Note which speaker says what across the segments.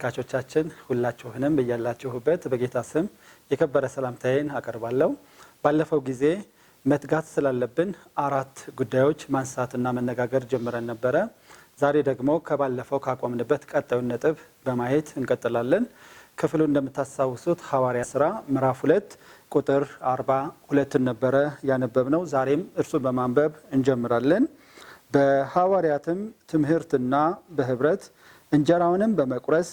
Speaker 1: ተመልካቾቻችን ሁላችሁንም በያላችሁበት በጌታ ስም የከበረ ሰላምታዬን አቀርባለሁ። ባለፈው ጊዜ መትጋት ስላለብን አራት ጉዳዮች ማንሳትና መነጋገር ጀምረን ነበረ። ዛሬ ደግሞ ከባለፈው ካቆምንበት ቀጣዩን ነጥብ በማየት እንቀጥላለን። ክፍሉ እንደምታስታውሱት ሐዋርያ ስራ ምዕራፍ ሁለት ቁጥር አርባ ሁለትን ነበረ ያነበብነው። ዛሬም እርሱን በማንበብ እንጀምራለን። በሐዋርያትም ትምህርትና በህብረት እንጀራውንም በመቁረስ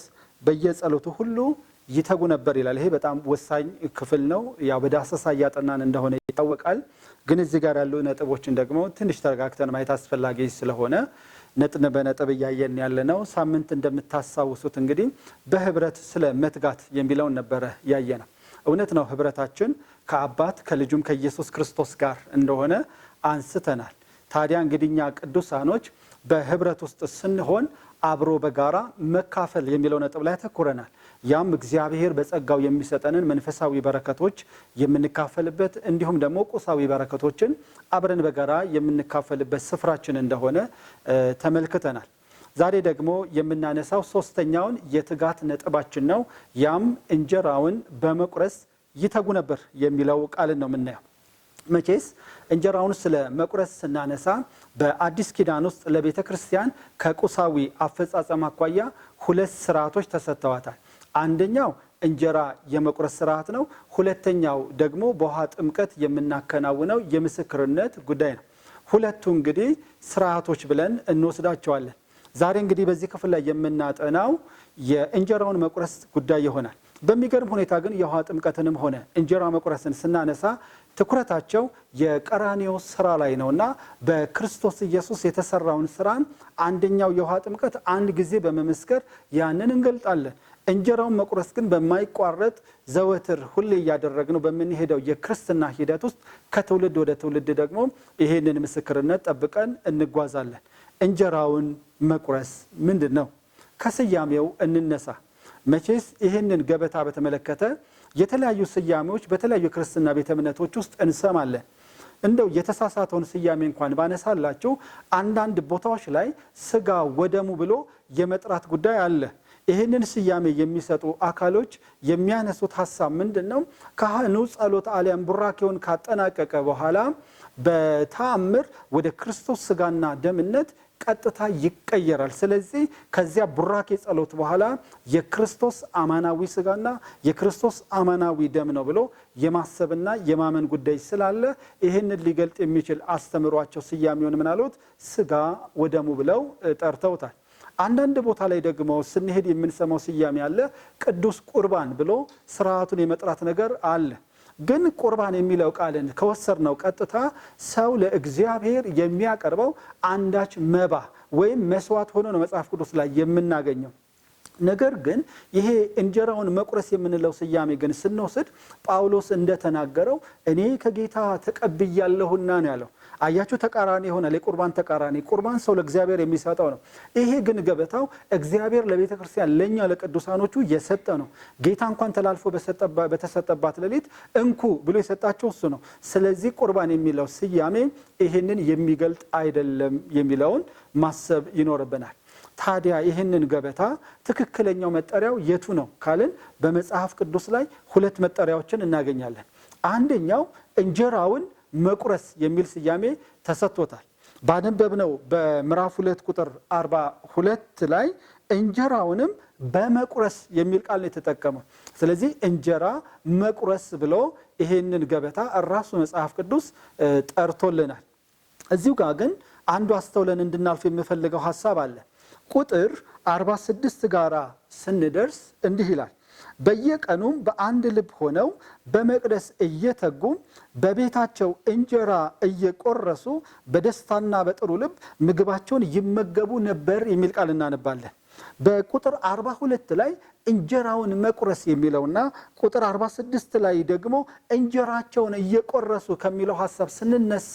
Speaker 1: በየጸሎቱ ሁሉ ይተጉ ነበር ይላል። ይሄ በጣም ወሳኝ ክፍል ነው። ያው በዳሰሳ እያጠናን እንደሆነ ይታወቃል። ግን እዚህ ጋር ያሉ ነጥቦችን ደግሞ ትንሽ ተረጋግተን ማየት አስፈላጊ ስለሆነ ነጥብ በነጥብ እያየን ያለ ነው። ሳምንት እንደምታስታውሱት እንግዲህ በህብረት ስለ መትጋት የሚለውን ነበረ ያየ ነው። እውነት ነው ህብረታችን ከአባት ከልጁም ከኢየሱስ ክርስቶስ ጋር እንደሆነ አንስተናል። ታዲያ እንግዲህ እኛ ቅዱሳኖች በህብረት ውስጥ ስንሆን አብሮ በጋራ መካፈል የሚለው ነጥብ ላይ ተኩረናል። ያም እግዚአብሔር በጸጋው የሚሰጠንን መንፈሳዊ በረከቶች የምንካፈልበት እንዲሁም ደግሞ ቁሳዊ በረከቶችን አብረን በጋራ የምንካፈልበት ስፍራችን እንደሆነ ተመልክተናል። ዛሬ ደግሞ የምናነሳው ሶስተኛውን የትጋት ነጥባችን ነው። ያም እንጀራውን በመቁረስ ይተጉ ነበር የሚለው ቃልን ነው የምናየው። መቼስ እንጀራውን ስለ መቁረስ ስናነሳ በአዲስ ኪዳን ውስጥ ለቤተ ክርስቲያን ከቁሳዊ አፈጻጸም አኳያ ሁለት ስርዓቶች ተሰጥተዋታል። አንደኛው እንጀራ የመቁረስ ስርዓት ነው። ሁለተኛው ደግሞ በውሃ ጥምቀት የምናከናውነው የምስክርነት ጉዳይ ነው። ሁለቱ እንግዲህ ስርዓቶች ብለን እንወስዳቸዋለን። ዛሬ እንግዲህ በዚህ ክፍል ላይ የምናጠናው የእንጀራውን መቁረስ ጉዳይ ይሆናል። በሚገርም ሁኔታ ግን የውሃ ጥምቀትንም ሆነ እንጀራ መቁረስን ስናነሳ ትኩረታቸው የቀራኔው ስራ ላይ ነውና በክርስቶስ ኢየሱስ የተሰራውን ስራን አንደኛው የውሃ ጥምቀት አንድ ጊዜ በመመስከር ያንን እንገልጣለን። እንጀራውን መቁረስ ግን በማይቋረጥ ዘወትር ሁሌ እያደረግነው በምንሄደው የክርስትና ሂደት ውስጥ ከትውልድ ወደ ትውልድ ደግሞ ይሄንን ምስክርነት ጠብቀን እንጓዛለን። እንጀራውን መቁረስ ምንድን ነው? ከስያሜው እንነሳ። መቼስ ይህንን ገበታ በተመለከተ የተለያዩ ስያሜዎች በተለያዩ ክርስትና ቤተ እምነቶች ውስጥ እንሰማለን። እንደው የተሳሳተውን ስያሜ እንኳን ባነሳላቸው አንዳንድ ቦታዎች ላይ ስጋ ወደሙ ብሎ የመጥራት ጉዳይ አለ። ይህንን ስያሜ የሚሰጡ አካሎች የሚያነሱት ሀሳብ ምንድን ነው? ካህኑ ጸሎት አሊያም ቡራኬውን ካጠናቀቀ በኋላ በተአምር ወደ ክርስቶስ ስጋና ደምነት ቀጥታ ይቀየራል። ስለዚህ ከዚያ ቡራኬ ጸሎት በኋላ የክርስቶስ አማናዊ ስጋና የክርስቶስ አማናዊ ደም ነው ብሎ የማሰብና የማመን ጉዳይ ስላለ ይህንን ሊገልጥ የሚችል አስተምሯቸው ስያሜውን ምናሉት ስጋ ወደሙ ብለው ጠርተውታል። አንዳንድ ቦታ ላይ ደግሞ ስንሄድ የምንሰማው ስያሜ አለ። ቅዱስ ቁርባን ብሎ ስርዓቱን የመጥራት ነገር አለ። ግን ቁርባን የሚለው ቃልን ከወሰድነው ቀጥታ ሰው ለእግዚአብሔር የሚያቀርበው አንዳች መባ ወይም መስዋዕት ሆኖ ነው መጽሐፍ ቅዱስ ላይ የምናገኘው። ነገር ግን ይሄ እንጀራውን መቁረስ የምንለው ስያሜ ግን ስንወስድ ጳውሎስ እንደተናገረው እኔ ከጌታ ተቀብያለሁና ነው ያለው። አያችሁ፣ ተቃራኒ ይሆናል። የቁርባን ተቃራኒ ቁርባን ሰው ለእግዚአብሔር የሚሰጠው ነው። ይሄ ግን ገበታው እግዚአብሔር ለቤተ ክርስቲያን ለእኛ ለቅዱሳኖቹ የሰጠ ነው። ጌታ እንኳን ተላልፎ በተሰጠባት ሌሊት እንኩ ብሎ የሰጣቸው እሱ ነው። ስለዚህ ቁርባን የሚለው ስያሜ ይህንን የሚገልጥ አይደለም የሚለውን ማሰብ ይኖርብናል። ታዲያ ይህንን ገበታ ትክክለኛው መጠሪያው የቱ ነው ካልን በመጽሐፍ ቅዱስ ላይ ሁለት መጠሪያዎችን እናገኛለን። አንደኛው እንጀራውን መቁረስ የሚል ስያሜ ተሰጥቶታል። ባነበብነው በምዕራፍ ሁለት ቁጥር አርባ ሁለት ላይ እንጀራውንም በመቁረስ የሚል ቃል ነው የተጠቀመው። ስለዚህ እንጀራ መቁረስ ብሎ ይሄንን ገበታ ራሱ መጽሐፍ ቅዱስ ጠርቶልናል። እዚሁ ጋር ግን አንዱ አስተውለን እንድናልፍ የምፈልገው ሀሳብ አለ። ቁጥር 46 ጋራ ስንደርስ እንዲህ ይላል በየቀኑም በአንድ ልብ ሆነው በመቅደስ እየተጉ በቤታቸው እንጀራ እየቆረሱ በደስታና በጥሩ ልብ ምግባቸውን ይመገቡ ነበር የሚል ቃል እናነባለን። በቁጥር አርባ ሁለት ላይ እንጀራውን መቁረስ የሚለውና ቁጥር 46 ላይ ደግሞ እንጀራቸውን እየቆረሱ ከሚለው ሀሳብ ስንነሳ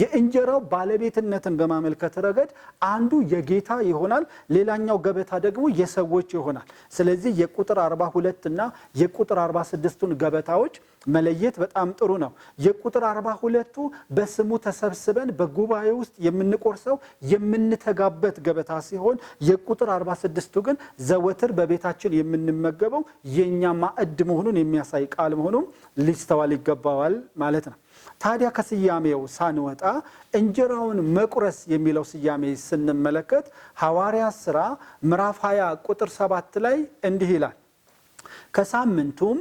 Speaker 1: የእንጀራው ባለቤትነትን በማመልከት ረገድ አንዱ የጌታ ይሆናል፣ ሌላኛው ገበታ ደግሞ የሰዎች ይሆናል። ስለዚህ የቁጥር 42 እና የቁጥር 46ቱን ገበታዎች መለየት በጣም ጥሩ ነው። የቁጥር 42ቱ በስሙ ተሰብስበን በጉባኤ ውስጥ የምንቆርሰው የምንተጋበት ገበታ ሲሆን የቁጥር 46ቱ ግን ዘወትር በቤታችን የምንመገበው የእኛ ማዕድ መሆኑን የሚያሳይ ቃል መሆኑም ሊስተዋል ይገባዋል ማለት ነው። ታዲያ ከስያሜው ሳንወጣ እንጀራውን መቁረስ የሚለው ስያሜ ስንመለከት ሐዋርያ ሥራ ምዕራፍ 20 ቁጥር 7 ላይ እንዲህ ይላል፣ ከሳምንቱም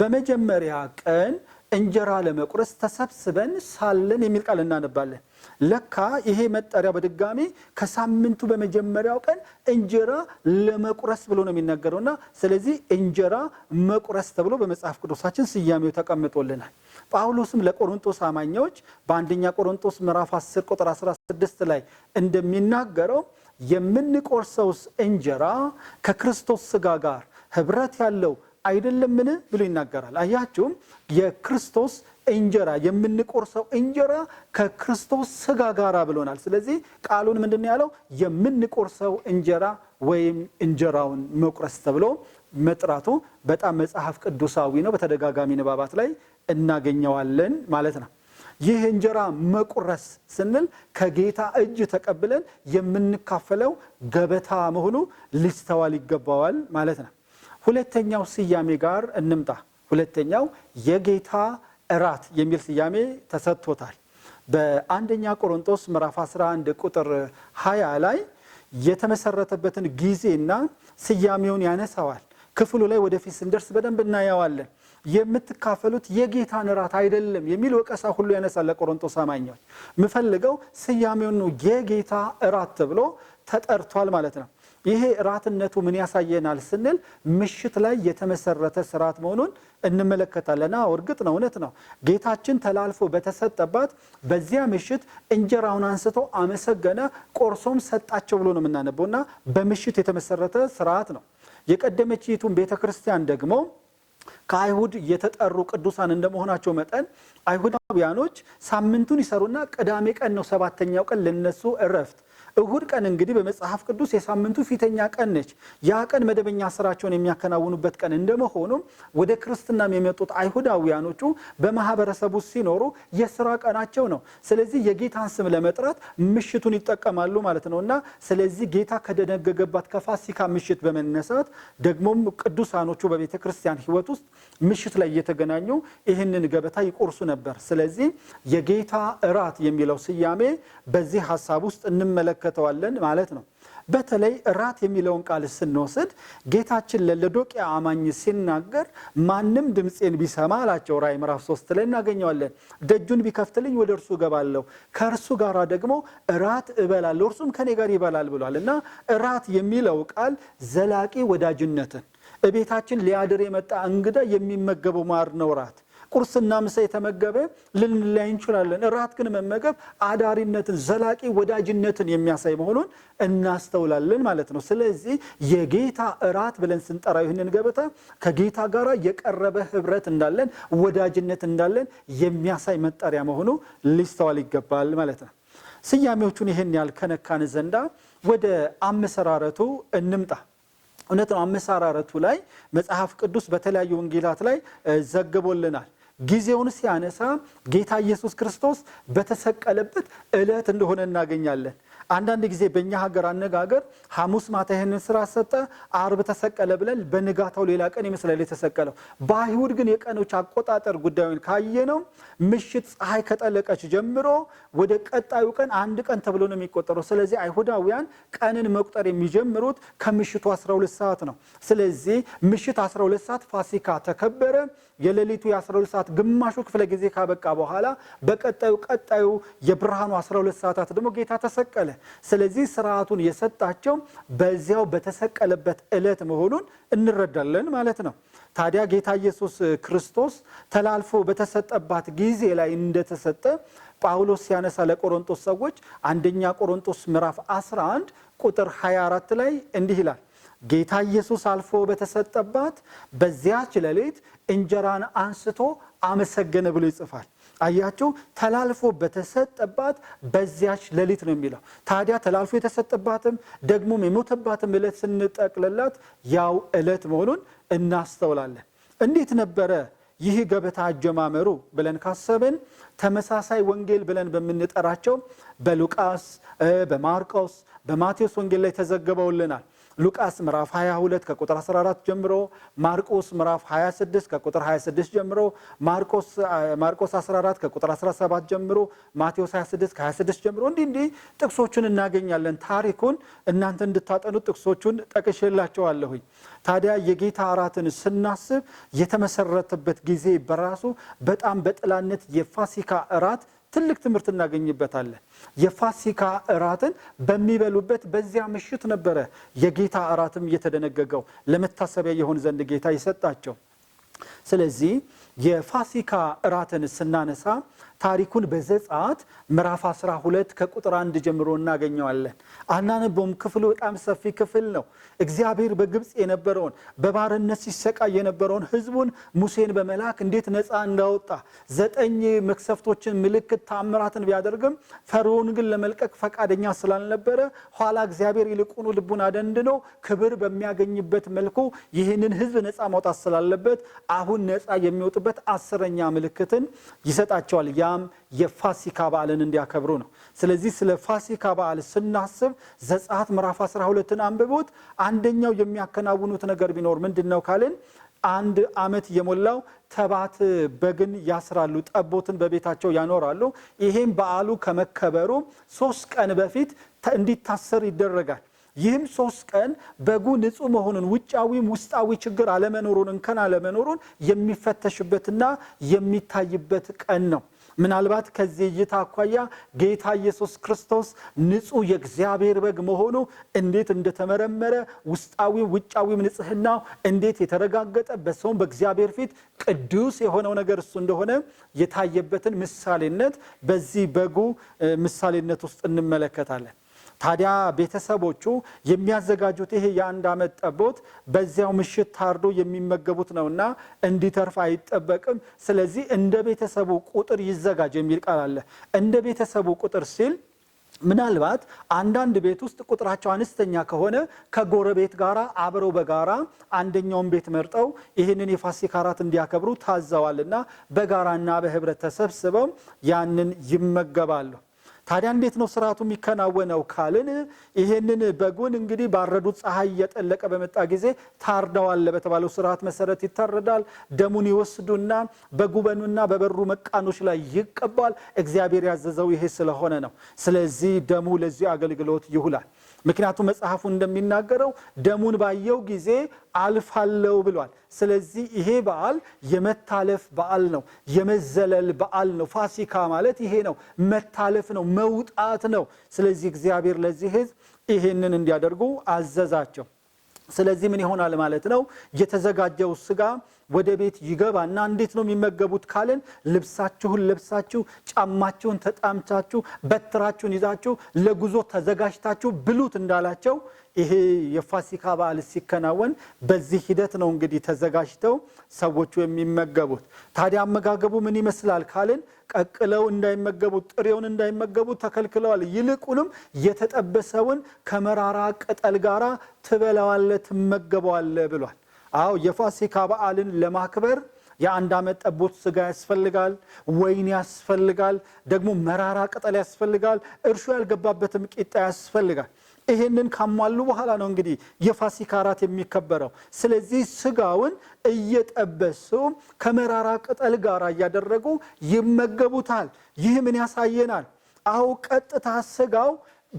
Speaker 1: በመጀመሪያ ቀን እንጀራ ለመቁረስ ተሰብስበን ሳለን የሚል ቃል እናነባለን። ለካ ይሄ መጠሪያ በድጋሚ ከሳምንቱ በመጀመሪያው ቀን እንጀራ ለመቁረስ ብሎ ነው የሚናገረውና ስለዚህ እንጀራ መቁረስ ተብሎ በመጽሐፍ ቅዱሳችን ስያሜው ተቀምጦልናል። ጳውሎስም ለቆሮንቶስ አማኞች በአንደኛ ቆሮንቶስ ምዕራፍ 10 ቁጥር 16 ላይ እንደሚናገረው የምንቆርሰውስ እንጀራ ከክርስቶስ ስጋ ጋር ህብረት ያለው አይደለምን ብሎ ይናገራል። አያችሁም? የክርስቶስ እንጀራ የምንቆርሰው እንጀራ ከክርስቶስ ስጋ ጋር ብሎናል። ስለዚህ ቃሉን ምንድን ያለው የምንቆርሰው እንጀራ ወይም እንጀራውን መቁረስ ተብሎ መጥራቱ በጣም መጽሐፍ ቅዱሳዊ ነው። በተደጋጋሚ ንባባት ላይ እናገኘዋለን ማለት ነው። ይህ እንጀራ መቁረስ ስንል ከጌታ እጅ ተቀብለን የምንካፈለው ገበታ መሆኑ ሊስተዋል ይገባዋል ማለት ነው። ሁለተኛው ስያሜ ጋር እንምጣ። ሁለተኛው የጌታ እራት የሚል ስያሜ ተሰጥቶታል። በአንደኛ ቆሮንቶስ ምዕራፍ 11 ቁጥር 20 ላይ የተመሰረተበትን ጊዜና ስያሜውን ያነሳዋል። ክፍሉ ላይ ወደፊት ስንደርስ በደንብ እናየዋለን። የምትካፈሉት የጌታን እራት አይደለም የሚል ወቀሳ ሁሉ ያነሳል ለቆሮንቶስ አማኞች። የምፈልገው ስያሜውን ነው። የጌታ እራት ተብሎ ተጠርቷል ማለት ነው። ይሄ ራትነቱ ምን ያሳየናል ስንል ምሽት ላይ የተመሰረተ ስርዓት መሆኑን እንመለከታለና እርግጥ ነው እውነት ነው። ጌታችን ተላልፎ በተሰጠባት በዚያ ምሽት እንጀራውን አንስቶ አመሰገነ፣ ቆርሶም ሰጣቸው ብሎ ነው የምናነበውና በምሽት የተመሰረተ ስርዓት ነው። የቀደመችይቱን ቤተ ክርስቲያን ደግሞ ከአይሁድ የተጠሩ ቅዱሳን እንደመሆናቸው መጠን አይሁዳውያኖች ሳምንቱን ይሰሩና ቅዳሜ ቀን ነው ሰባተኛው ቀን ለነሱ እረፍት። እሁድ ቀን እንግዲህ በመጽሐፍ ቅዱስ የሳምንቱ ፊተኛ ቀን ነች። ያ ቀን መደበኛ ስራቸውን የሚያከናውኑበት ቀን እንደመሆኑም ወደ ክርስትና የመጡት አይሁዳውያኖቹ በማህበረሰቡ ሲኖሩ የስራ ቀናቸው ነው። ስለዚህ የጌታን ስም ለመጥራት ምሽቱን ይጠቀማሉ ማለት ነው እና ስለዚህ ጌታ ከደነገገባት ከፋሲካ ምሽት በመነሳት ደግሞም ቅዱሳኖቹ በቤተ ክርስቲያን ሕይወት ውስጥ ምሽት ላይ እየተገናኙ ይህንን ገበታ ይቆርሱ ነበር። ስለዚህ የጌታ እራት የሚለው ስያሜ በዚህ ሀሳብ ውስጥ እንመለከተዋለን ማለት ነው። በተለይ እራት የሚለውን ቃል ስንወስድ ጌታችን ለሎዶቅያ አማኝ ሲናገር ማንም ድምፄን ቢሰማ አላቸው። ራእይ ምዕራፍ ሶስት ላይ እናገኘዋለን። ደጁን ቢከፍትልኝ ወደ እርሱ እገባለሁ፣ ከእርሱ ጋር ደግሞ እራት እበላለሁ፣ እርሱም ከኔ ጋር ይበላል ብሏል እና እራት የሚለው ቃል ዘላቂ ወዳጅነትን እቤታችን ሊያድር የመጣ እንግዳ የሚመገበው ማር ነው እራት ቁርስና ምሳ የተመገበ ልንለያይ እንችላለን። እራት ግን መመገብ አዳሪነትን፣ ዘላቂ ወዳጅነትን የሚያሳይ መሆኑን እናስተውላለን ማለት ነው። ስለዚህ የጌታ እራት ብለን ስንጠራ ይህንን ገበታ ከጌታ ጋር የቀረበ ህብረት እንዳለን፣ ወዳጅነት እንዳለን የሚያሳይ መጠሪያ መሆኑ ሊስተዋል ይገባል ማለት ነው። ስያሜዎቹን ይህን ያህል ከነካን ዘንዳ ወደ አመሰራረቱ እንምጣ። እውነት ነው። አመሰራረቱ ላይ መጽሐፍ ቅዱስ በተለያዩ ወንጌላት ላይ ዘግቦልናል። ጊዜውን ሲያነሳ ጌታ ኢየሱስ ክርስቶስ በተሰቀለበት ዕለት እንደሆነ እናገኛለን። አንዳንድ ጊዜ በእኛ ሀገር አነጋገር ሐሙስ ማታ ይህንን ስራ ሰጠ፣ አርብ ተሰቀለ ብለን በንጋታው ሌላ ቀን ይመስላል የተሰቀለው። በአይሁድ ግን የቀኖች አቆጣጠር ጉዳዩን ካየነው ምሽት ፀሐይ ከጠለቀች ጀምሮ ወደ ቀጣዩ ቀን አንድ ቀን ተብሎ ነው የሚቆጠረው። ስለዚህ አይሁዳውያን ቀንን መቁጠር የሚጀምሩት ከምሽቱ 12 ሰዓት ነው። ስለዚህ ምሽት 12 ሰዓት ፋሲካ ተከበረ። የሌሊቱ የ12 ሰዓት ግማሹ ክፍለ ጊዜ ካበቃ በኋላ በቀጣዩ ቀጣዩ የብርሃኑ 12 ሰዓታት ደግሞ ጌታ ተሰቀለ። ስለዚህ ስርዓቱን የሰጣቸው በዚያው በተሰቀለበት ዕለት መሆኑን እንረዳለን ማለት ነው። ታዲያ ጌታ ኢየሱስ ክርስቶስ ተላልፎ በተሰጠባት ጊዜ ላይ እንደተሰጠ ጳውሎስ ሲያነሳ ለቆሮንቶስ ሰዎች አንደኛ ቆሮንቶስ ምዕራፍ 11 ቁጥር 24 ላይ እንዲህ ይላል ጌታ ኢየሱስ አልፎ በተሰጠባት በዚያች ሌሊት እንጀራን አንስቶ አመሰገነ ብሎ ይጽፋል። አያችሁ ተላልፎ በተሰጠባት በዚያች ሌሊት ነው የሚለው። ታዲያ ተላልፎ የተሰጠባትም ደግሞም የሞተባትም ዕለት ስንጠቅልላት ያው ዕለት መሆኑን እናስተውላለን። እንዴት ነበረ ይህ ገበታ አጀማመሩ ብለን ካሰብን ተመሳሳይ ወንጌል ብለን በምንጠራቸው በሉቃስ፣ በማርቆስ፣ በማቴዎስ ወንጌል ላይ ተዘግበውልናል። ሉቃስ ምዕራፍ 22 ከቁጥር 14 ጀምሮ፣ ማርቆስ ምዕራፍ 26 ከቁጥር 26 ጀምሮ፣ ማርቆስ 14 ከቁጥር 17 ጀምሮ፣ ማቴዎስ 26 ከ26 ጀምሮ እንዲህ እንዲህ ጥቅሶቹን እናገኛለን። ታሪኩን እናንተ እንድታጠኑ ጥቅሶቹን ጠቅሼላቸዋለሁኝ። ታዲያ የጌታ እራትን ስናስብ የተመሰረተበት ጊዜ በራሱ በጣም በጥላነት የፋሲካ እራት ትልቅ ትምህርት እናገኝበታለን። የፋሲካ እራትን በሚበሉበት በዚያ ምሽት ነበረ የጌታ እራትም እየተደነገገው ለመታሰቢያ የሆን ዘንድ ጌታ ይሰጣቸው። ስለዚህ የፋሲካ እራትን ስናነሳ ታሪኩን በዘጸአት ምዕራፍ 12 ከቁጥር አንድ ጀምሮ እናገኘዋለን። አናነቦም፣ ክፍሉ በጣም ሰፊ ክፍል ነው። እግዚአብሔር በግብፅ የነበረውን በባርነት ሲሰቃይ የነበረውን ሕዝቡን ሙሴን በመላክ እንዴት ነፃ እንዳወጣ ዘጠኝ መክሰፍቶችን፣ ምልክት ታምራትን ቢያደርግም ፈርዖን ግን ለመልቀቅ ፈቃደኛ ስላልነበረ ኋላ እግዚአብሔር ይልቁኑ ልቡን አደንድኖ ክብር በሚያገኝበት መልኩ ይህንን ሕዝብ ነፃ ማውጣት ስላለበት አሁን ነፃ የሚወጡበት አስረኛ ምልክትን ይሰጣቸዋል። ያ በሰላም የፋሲካ በዓልን እንዲያከብሩ ነው። ስለዚህ ስለ ፋሲካ በዓል ስናስብ ዘጸአት ምዕራፍ 12ን አንብቦት አንደኛው የሚያከናውኑት ነገር ቢኖር ምንድን ነው ካልን አንድ ዓመት የሞላው ተባት በግን ያስራሉ፣ ጠቦትን በቤታቸው ያኖራሉ። ይሄም በዓሉ ከመከበሩ ሶስት ቀን በፊት እንዲታሰር ይደረጋል። ይህም ሶስት ቀን በጉ ንጹህ መሆኑን ውጫዊም ውስጣዊ ችግር አለመኖሩን እንከን አለመኖሩን የሚፈተሽበትና የሚታይበት ቀን ነው። ምናልባት ከዚህ እይታ አኳያ ጌታ ኢየሱስ ክርስቶስ ንጹህ የእግዚአብሔር በግ መሆኑ እንዴት እንደተመረመረ ውስጣዊ ውጫዊም ንጽህናው እንዴት የተረጋገጠ በሰውም በእግዚአብሔር ፊት ቅዱስ የሆነው ነገር እሱ እንደሆነ የታየበትን ምሳሌነት በዚህ በጉ ምሳሌነት ውስጥ እንመለከታለን። ታዲያ ቤተሰቦቹ የሚያዘጋጁት ይሄ የአንድ ዓመት ጠቦት በዚያው ምሽት ታርዶ የሚመገቡት ነውና እንዲተርፍ አይጠበቅም። ስለዚህ እንደ ቤተሰቡ ቁጥር ይዘጋጅ የሚል ቃል አለ። እንደ ቤተሰቡ ቁጥር ሲል ምናልባት አንዳንድ ቤት ውስጥ ቁጥራቸው አነስተኛ ከሆነ ከጎረቤት ጋራ አብረው በጋራ አንደኛውን ቤት መርጠው ይህንን የፋሲካ እንዲያከብሩ ታዘዋልና በጋራና በህብረት ተሰብስበው ያንን ይመገባሉ። ታዲያ እንዴት ነው ስርዓቱ የሚከናወነው ካልን ይሄንን በጉን እንግዲህ ባረዱት ፀሐይ እየጠለቀ በመጣ ጊዜ ታርደዋል በተባለው ስርዓት መሰረት ይታረዳል። ደሙን ይወስዱና በጉበኑና በበሩ መቃኖች ላይ ይቀባል። እግዚአብሔር ያዘዘው ይሄ ስለሆነ ነው። ስለዚህ ደሙ ለዚህ አገልግሎት ይውላል። ምክንያቱም መጽሐፉ እንደሚናገረው ደሙን ባየው ጊዜ አልፋለው ብሏል። ስለዚህ ይሄ በዓል የመታለፍ በዓል ነው፣ የመዘለል በዓል ነው። ፋሲካ ማለት ይሄ ነው፣ መታለፍ ነው፣ መውጣት ነው። ስለዚህ እግዚአብሔር ለዚህ ህዝብ ይሄንን እንዲያደርጉ አዘዛቸው። ስለዚህ ምን ይሆናል ማለት ነው የተዘጋጀው ስጋ ወደ ቤት ይገባና እንዴት ነው የሚመገቡት ካልን ልብሳችሁን ለብሳችሁ ጫማችሁን ተጣምታችሁ በትራችሁን ይዛችሁ ለጉዞ ተዘጋጅታችሁ ብሉት እንዳላቸው ይሄ የፋሲካ በዓል ሲከናወን በዚህ ሂደት ነው እንግዲህ ተዘጋጅተው ሰዎቹ የሚመገቡት። ታዲያ አመጋገቡ ምን ይመስላል ካልን ቀቅለው እንዳይመገቡ ጥሬውን እንዳይመገቡት ተከልክለዋል። ይልቁንም የተጠበሰውን ከመራራ ቅጠል ጋራ ትበላዋለ ትመገበዋለ ብሏል። አዎ የፋሲካ በዓልን ለማክበር የአንድ ዓመት ጠቦት ስጋ ያስፈልጋል፣ ወይን ያስፈልጋል፣ ደግሞ መራራ ቅጠል ያስፈልጋል፣ እርሾ ያልገባበትም ቂጣ ያስፈልጋል። ይሄንን ካሟሉ በኋላ ነው እንግዲህ የፋሲካ እራት የሚከበረው። ስለዚህ ስጋውን እየጠበሱ ከመራራ ቅጠል ጋር እያደረጉ ይመገቡታል። ይህ ምን ያሳየናል? አዎ ቀጥታ ስጋው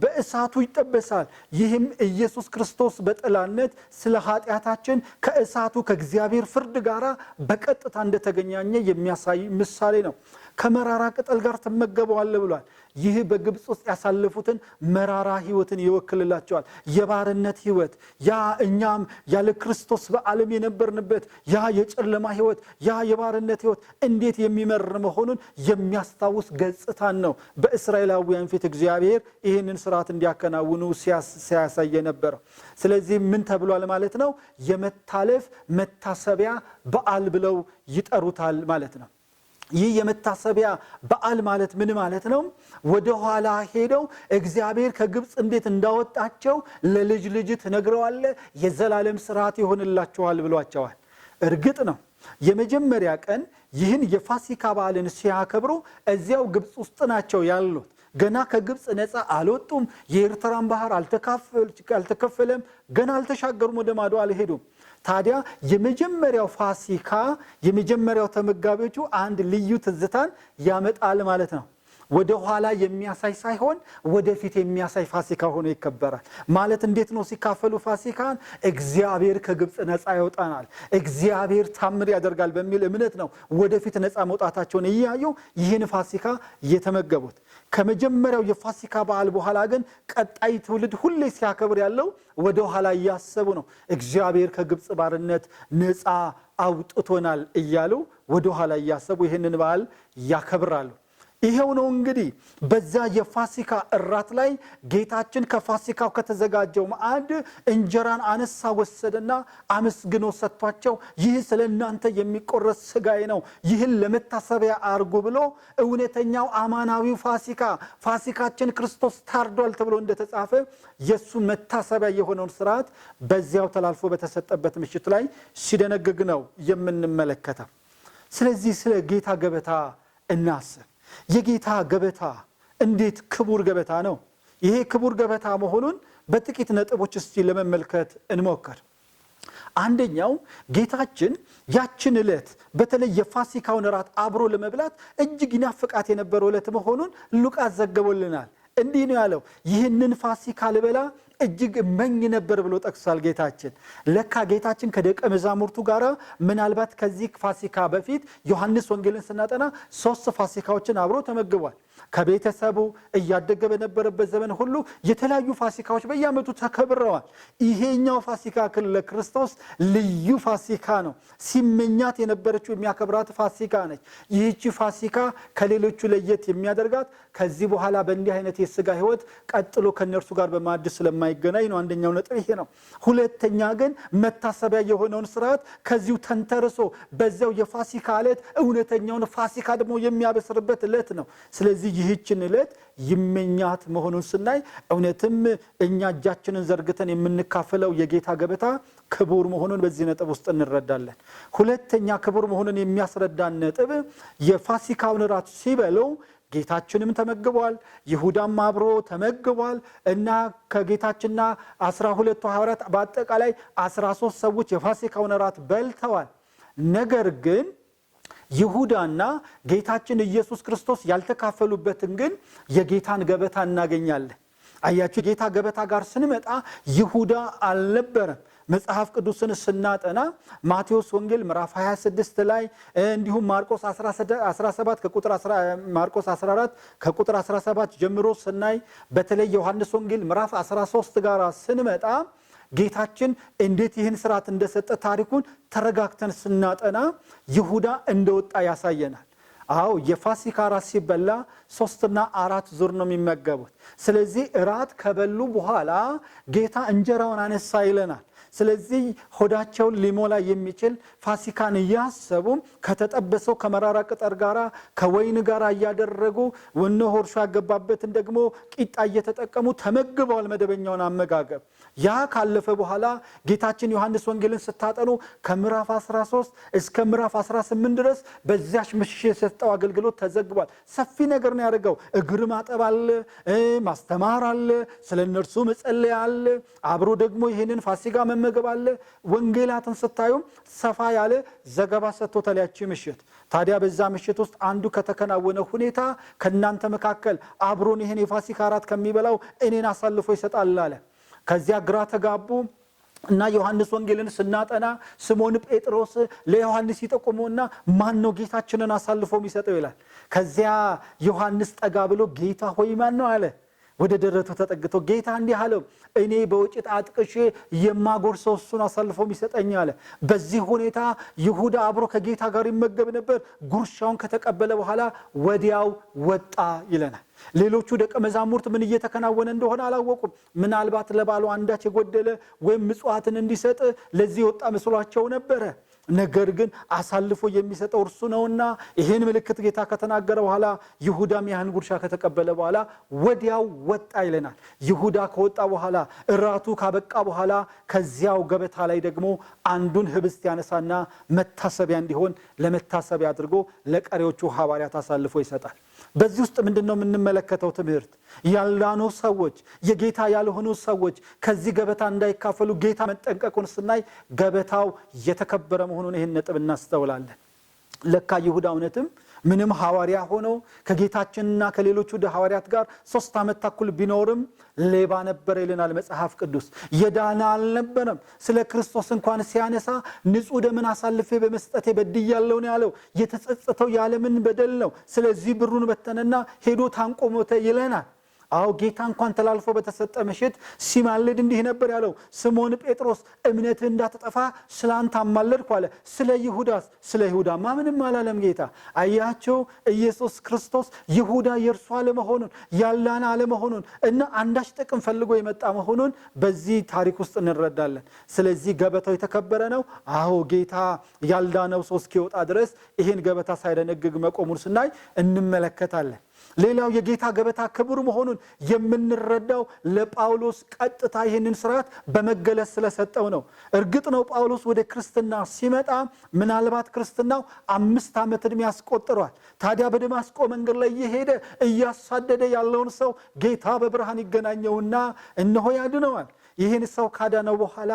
Speaker 1: በእሳቱ ይጠበሳል። ይህም ኢየሱስ ክርስቶስ በጥላነት ስለ ኃጢአታችን ከእሳቱ ከእግዚአብሔር ፍርድ ጋር በቀጥታ እንደተገናኘ የሚያሳይ ምሳሌ ነው። ከመራራ ቅጠል ጋር ትመገበዋለህ ብሏል። ይህ በግብፅ ውስጥ ያሳለፉትን መራራ ህይወትን ይወክልላቸዋል። የባርነት ህይወት፣ ያ እኛም ያለ ክርስቶስ በዓለም የነበርንበት ያ የጨለማ ህይወት፣ ያ የባርነት ህይወት እንዴት የሚመር መሆኑን የሚያስታውስ ገጽታን ነው በእስራኤላውያን ፊት እግዚአብሔር ይህንን ስርዓት እንዲያከናውኑ ሲያሳይ የነበረው። ስለዚህ ምን ተብሏል ማለት ነው? የመታለፍ መታሰቢያ በዓል ብለው ይጠሩታል ማለት ነው። ይህ የመታሰቢያ በዓል ማለት ምን ማለት ነው? ወደኋላ ሄደው እግዚአብሔር ከግብፅ እንዴት እንዳወጣቸው ለልጅ ልጅ ትነግረዋለ የዘላለም ስርዓት ይሆንላቸዋል ብሏቸዋል። እርግጥ ነው የመጀመሪያ ቀን ይህን የፋሲካ በዓልን ሲያከብሩ እዚያው ግብፅ ውስጥ ናቸው ያሉት። ገና ከግብፅ ነፃ አልወጡም። የኤርትራን ባህር አልተከፈለም። ገና አልተሻገሩም፣ ወደ ማዶ አልሄዱም። ታዲያ የመጀመሪያው ፋሲካ የመጀመሪያው ተመጋቢዎቹ አንድ ልዩ ትዝታን ያመጣል ማለት ነው። ወደ ኋላ የሚያሳይ ሳይሆን ወደፊት የሚያሳይ ፋሲካ ሆኖ ይከበራል። ማለት እንዴት ነው? ሲካፈሉ ፋሲካን እግዚአብሔር ከግብፅ ነፃ ያወጣናል፣ እግዚአብሔር ታምር ያደርጋል በሚል እምነት ነው ወደፊት ነፃ መውጣታቸውን እያዩ ይህን ፋሲካ የተመገቡት። ከመጀመሪያው የፋሲካ በዓል በኋላ ግን ቀጣይ ትውልድ ሁሌ ሲያከብር ያለው ወደ ኋላ እያሰቡ ነው። እግዚአብሔር ከግብፅ ባርነት ነፃ አውጥቶናል እያሉ ወደ ኋላ እያሰቡ ይህንን በዓል ያከብራሉ። ይሄው ነው እንግዲህ በዛ የፋሲካ እራት ላይ ጌታችን ከፋሲካው ከተዘጋጀው ማዕድ እንጀራን አነሳ ወሰደና አመስግኖ ሰጥቷቸው ይህ ስለ እናንተ የሚቆረስ ስጋዬ ነው፣ ይህን ለመታሰቢያ አርጉ ብሎ እውነተኛው አማናዊው ፋሲካ ፋሲካችን ክርስቶስ ታርዷል ተብሎ እንደተጻፈ የእሱ መታሰቢያ የሆነውን ስርዓት በዚያው ተላልፎ በተሰጠበት ምሽት ላይ ሲደነግግ ነው የምንመለከተው። ስለዚህ ስለ ጌታ ገበታ እናስብ። የጌታ ገበታ እንዴት ክቡር ገበታ ነው! ይሄ ክቡር ገበታ መሆኑን በጥቂት ነጥቦች እስቲ ለመመልከት እንሞክር። አንደኛው ጌታችን ያችን ዕለት በተለይ የፋሲካውን እራት አብሮ ለመብላት እጅግ ይናፍቃት የነበረው ዕለት መሆኑን ሉቃስ ዘግቦልናል። እንዲህ ነው ያለው፣ ይህንን ፋሲካ ልበላ እጅግ እመኝ ነበር ብሎ ጠቅሷል ጌታችን። ለካ ጌታችን ከደቀ መዛሙርቱ ጋር ምናልባት ከዚህ ፋሲካ በፊት ዮሐንስ ወንጌልን ስናጠና ሶስት ፋሲካዎችን አብሮ ተመግቧል። ከቤተሰቡ እያደገ በነበረበት ዘመን ሁሉ የተለያዩ ፋሲካዎች በየዓመቱ ተከብረዋል። ይሄኛው ፋሲካ ግን ለክርስቶስ ልዩ ፋሲካ ነው። ሲመኛት የነበረችው የሚያከብራት ፋሲካ ነች። ይህቺ ፋሲካ ከሌሎቹ ለየት የሚያደርጋት ከዚህ በኋላ በእንዲህ አይነት የስጋ ህይወት ቀጥሎ ከነርሱ ጋር በማዕድ ስለማይገናኝ ነው። አንደኛው ነጥብ ይሄ ነው። ሁለተኛ ግን መታሰቢያ የሆነውን ስርዓት ከዚሁ ተንተርሶ በዚያው የፋሲካ ዕለት እውነተኛውን ፋሲካ ደግሞ የሚያበስርበት ዕለት ነው። ስለዚህ ይህችን ዕለት ይመኛት መሆኑን ስናይ እውነትም እኛ እጃችንን ዘርግተን የምንካፈለው የጌታ ገበታ ክቡር መሆኑን በዚህ ነጥብ ውስጥ እንረዳለን። ሁለተኛ ክቡር መሆኑን የሚያስረዳን ነጥብ የፋሲካውን ራት ሲበለው ጌታችንም ተመግቧል፣ ይሁዳም አብሮ ተመግቧል እና ከጌታችንና አስራ ሁለቱ ሐዋርያት በአጠቃላይ አስራ ሰዎች የፋሲካውን ራት በልተዋል። ነገር ግን ይሁዳና ጌታችን ኢየሱስ ክርስቶስ ያልተካፈሉበትን ግን የጌታን ገበታ እናገኛለን። አያችሁ፣ ጌታ ገበታ ጋር ስንመጣ ይሁዳ አልነበረም። መጽሐፍ ቅዱስን ስናጠና ማቴዎስ ወንጌል ምዕራፍ 26 ላይ እንዲሁም ማርቆስ 17 ማርቆስ 14 ከቁጥር 17 ጀምሮ ስናይ በተለይ ዮሐንስ ወንጌል ምዕራፍ 13 ጋር ስንመጣ ጌታችን እንዴት ይህን ስርዓት እንደሰጠ ታሪኩን ተረጋግተን ስናጠና ይሁዳ እንደወጣ ያሳየናል። አዎ የፋሲካ ራት ሲበላ ሶስትና አራት ዙር ነው የሚመገቡት። ስለዚህ እራት ከበሉ በኋላ ጌታ እንጀራውን አነሳ ይለናል። ስለዚህ ሆዳቸውን ሊሞላ የሚችል ፋሲካን እያሰቡ ከተጠበሰው ከመራራ ቅጠር ጋራ ከወይን ጋር እያደረጉ ወኖ ሆርሾ ያገባበትን ደግሞ ቂጣ እየተጠቀሙ ተመግበዋል። መደበኛውን አመጋገብ ያ ካለፈ በኋላ ጌታችን ዮሐንስ ወንጌልን ስታጠኑ ከምዕራፍ 13 እስከ ምዕራፍ 18 ድረስ በዚያች ምሽ የሰጠው አገልግሎት ተዘግቧል። ሰፊ ነገር ነው ያደርገው እግር ማጠብ አለ፣ ማስተማር አለ፣ ስለ እነርሱ መጸለያ አለ። አብሮ ደግሞ ይህንን ፋሲካ መመገብ አለ። ወንጌላትን ስታዩም ሰፋ ያለ ዘገባ ሰጥቶታል። ያቺ ምሽት ታዲያ በዛ ምሽት ውስጥ አንዱ ከተከናወነ ሁኔታ ከእናንተ መካከል አብሮን ይህን የፋሲካ አራት ከሚበላው እኔን አሳልፎ ይሰጣል አለ። ከዚያ ግራ ተጋቡ እና ዮሐንስ ወንጌልን ስናጠና ስሞን ጴጥሮስ ለዮሐንስ ይጠቁመውና ማን ነው ጌታችንን አሳልፎ የሚሰጠው ይላል። ከዚያ ዮሐንስ ጠጋ ብሎ ጌታ ሆይ ማን ነው አለ። ወደ ደረቱ ተጠግቶ ጌታ እንዲህ አለው፣ እኔ በውጭት አጥቅሼ የማጎርሰው እሱን አሳልፎም ይሰጠኝ አለ። በዚህ ሁኔታ ይሁዳ አብሮ ከጌታ ጋር ይመገብ ነበር። ጉርሻውን ከተቀበለ በኋላ ወዲያው ወጣ ይለናል። ሌሎቹ ደቀ መዛሙርት ምን እየተከናወነ እንደሆነ አላወቁም። ምናልባት ለባሉ አንዳች የጎደለ ወይም ምጽዋትን እንዲሰጥ ለዚህ የወጣ መስሏቸው ነበረ። ነገር ግን አሳልፎ የሚሰጠው እርሱ ነውና ይህን ምልክት ጌታ ከተናገረ በኋላ ይሁዳም ያህን ጉርሻ ከተቀበለ በኋላ ወዲያው ወጣ ይለናል። ይሁዳ ከወጣ በኋላ እራቱ ካበቃ በኋላ ከዚያው ገበታ ላይ ደግሞ አንዱን ህብስት ያነሳና መታሰቢያ እንዲሆን ለመታሰቢያ አድርጎ ለቀሪዎቹ ሐዋርያት አሳልፎ ይሰጣል። በዚህ ውስጥ ምንድን ነው የምንመለከተው ትምህርት? ያልዳኑ ሰዎች፣ የጌታ ያልሆኑ ሰዎች ከዚህ ገበታ እንዳይካፈሉ ጌታ መጠንቀቁን ስናይ ገበታው የተከበረ መሆኑን ይህን ነጥብ እናስተውላለን። ለካ ይሁዳ እውነትም ምንም ሐዋርያ ሆኖ ከጌታችንና ከሌሎቹ ሐዋርያት ጋር ሶስት ዓመት ተኩል ቢኖርም ሌባ ነበረ ይልናል መጽሐፍ ቅዱስ። የዳነ አልነበረም። ስለ ክርስቶስ እንኳን ሲያነሳ ንጹ ደምን አሳልፌ በመስጠቴ በድያለሁ ነው ያለው። የተጸጸተው የዓለምን በደል ነው። ስለዚህ ብሩን በተነና ሄዶ ታንቆ ሞተ ይለናል። አዎ ጌታ እንኳን ተላልፎ በተሰጠ ምሽት ሲማልድ እንዲህ ነበር ያለው። ስምዖን ጴጥሮስ እምነትህ እንዳትጠፋ ስለ አንተ አማለድኩ አለ። ስለ ይሁዳስ? ስለ ይሁዳማ ምንም አላለም ጌታ። አያቸው ኢየሱስ ክርስቶስ ይሁዳ የእርሱ አለመሆኑን ያላን አለመሆኑን እና አንዳች ጥቅም ፈልጎ የመጣ መሆኑን በዚህ ታሪክ ውስጥ እንረዳለን። ስለዚህ ገበታው የተከበረ ነው። አዎ ጌታ ያልዳነው ሰው እስኪወጣ ድረስ ይህን ገበታ ሳይደነግግ መቆሙን ስናይ እንመለከታለን። ሌላው የጌታ ገበታ ክቡር መሆኑን የምንረዳው ለጳውሎስ ቀጥታ ይህንን ስርዓት በመገለጽ ስለሰጠው ነው። እርግጥ ነው ጳውሎስ ወደ ክርስትና ሲመጣ ምናልባት ክርስትናው አምስት ዓመት ዕድሜ ያስቆጥሯል። ታዲያ በደማስቆ መንገድ ላይ እየሄደ እያሳደደ ያለውን ሰው ጌታ በብርሃን ይገናኘውና እነሆ ያድነዋል። ይህን ሰው ካዳነው በኋላ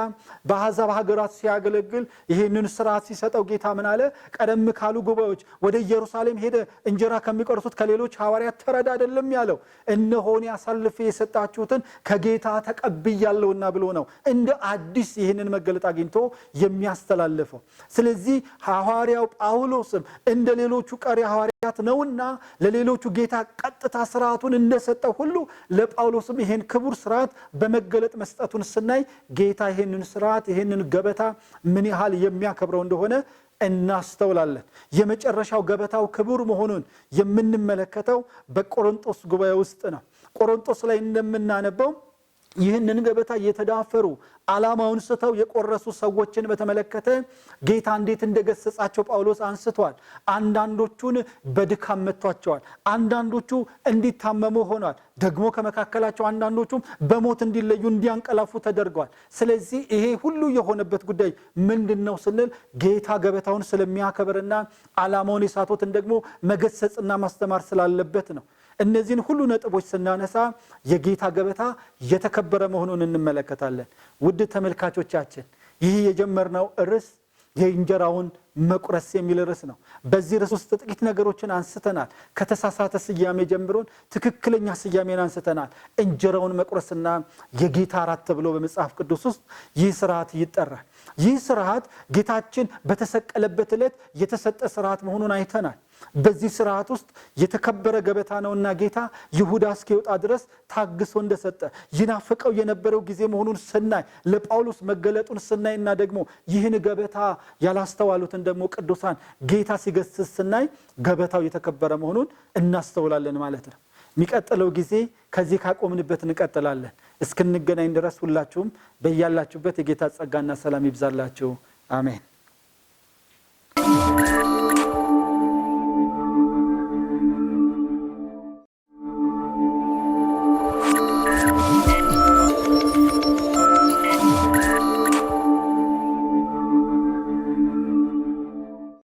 Speaker 1: በአሕዛብ ሀገራት ሲያገለግል ይህንን ስርዓት ሲሰጠው ጌታ ምን አለ? ቀደም ካሉ ጉባኤዎች ወደ ኢየሩሳሌም ሄደ እንጀራ ከሚቆርሱት ከሌሎች ሐዋርያት ተረዳ አይደለም ያለው፣ እነሆን አሳልፌ የሰጣችሁትን ከጌታ ተቀብያለሁና ብሎ ነው እንደ አዲስ ይህንን መገለጥ አግኝቶ የሚያስተላልፈው። ስለዚህ ሐዋርያው ጳውሎስም እንደ ሌሎቹ ቀሪ ሐዋርያት ነውና ለሌሎቹ ጌታ ቀጥታ ስርዓቱን እንደሰጠው ሁሉ ለጳውሎስም ይህን ክቡር ስርዓት በመገለጥ መስጠት ርቀቱን ስናይ ጌታ ይህንን ስርዓት ይህንን ገበታ ምን ያህል የሚያከብረው እንደሆነ እናስተውላለን። የመጨረሻው ገበታው ክቡር መሆኑን የምንመለከተው በቆሮንጦስ ጉባኤ ውስጥ ነው። ቆሮንጦስ ላይ እንደምናነበው ይህንን ገበታ እየተዳፈሩ ዓላማውን ስተው የቆረሱ ሰዎችን በተመለከተ ጌታ እንዴት እንደገሰጻቸው ጳውሎስ አንስቷል። አንዳንዶቹን በድካም መጥቷቸዋል። አንዳንዶቹ እንዲታመሙ ሆኗል። ደግሞ ከመካከላቸው አንዳንዶቹም በሞት እንዲለዩ እንዲያንቀላፉ ተደርገዋል። ስለዚህ ይሄ ሁሉ የሆነበት ጉዳይ ምንድን ነው ስንል ጌታ ገበታውን ስለሚያከብርና ዓላማውን የሳቶትን ደግሞ መገሰጽና ማስተማር ስላለበት ነው። እነዚህን ሁሉ ነጥቦች ስናነሳ የጌታ ገበታ የተከበረ መሆኑን እንመለከታለን። ውድ ተመልካቾቻችን ይህ የጀመርነው ርዕስ የእንጀራውን መቁረስ የሚል ርዕስ ነው። በዚህ ርዕስ ውስጥ ጥቂት ነገሮችን አንስተናል። ከተሳሳተ ስያሜ ጀምሮን ትክክለኛ ስያሜን አንስተናል። እንጀራውን መቁረስና የጌታ እራት ተብሎ በመጽሐፍ ቅዱስ ውስጥ ይህ ስርዓት ይጠራል። ይህ ስርዓት ጌታችን በተሰቀለበት ዕለት የተሰጠ ስርዓት መሆኑን አይተናል። በዚህ ስርዓት ውስጥ የተከበረ ገበታ ነውና ጌታ ይሁዳ እስኪወጣ ድረስ ታግሶ እንደሰጠ ይናፍቀው የነበረው ጊዜ መሆኑን ስናይ፣ ለጳውሎስ መገለጡን ስናይና ደግሞ ይህን ገበታ ያላስተዋሉትን ደግሞ ቅዱሳን ጌታ ሲገስስ ስናይ ገበታው የተከበረ መሆኑን እናስተውላለን ማለት ነው። የሚቀጥለው ጊዜ ከዚህ ካቆምንበት እንቀጥላለን። እስክንገናኝ ድረስ ሁላችሁም በያላችሁበት የጌታ ጸጋና ሰላም ይብዛላችሁ። አሜን።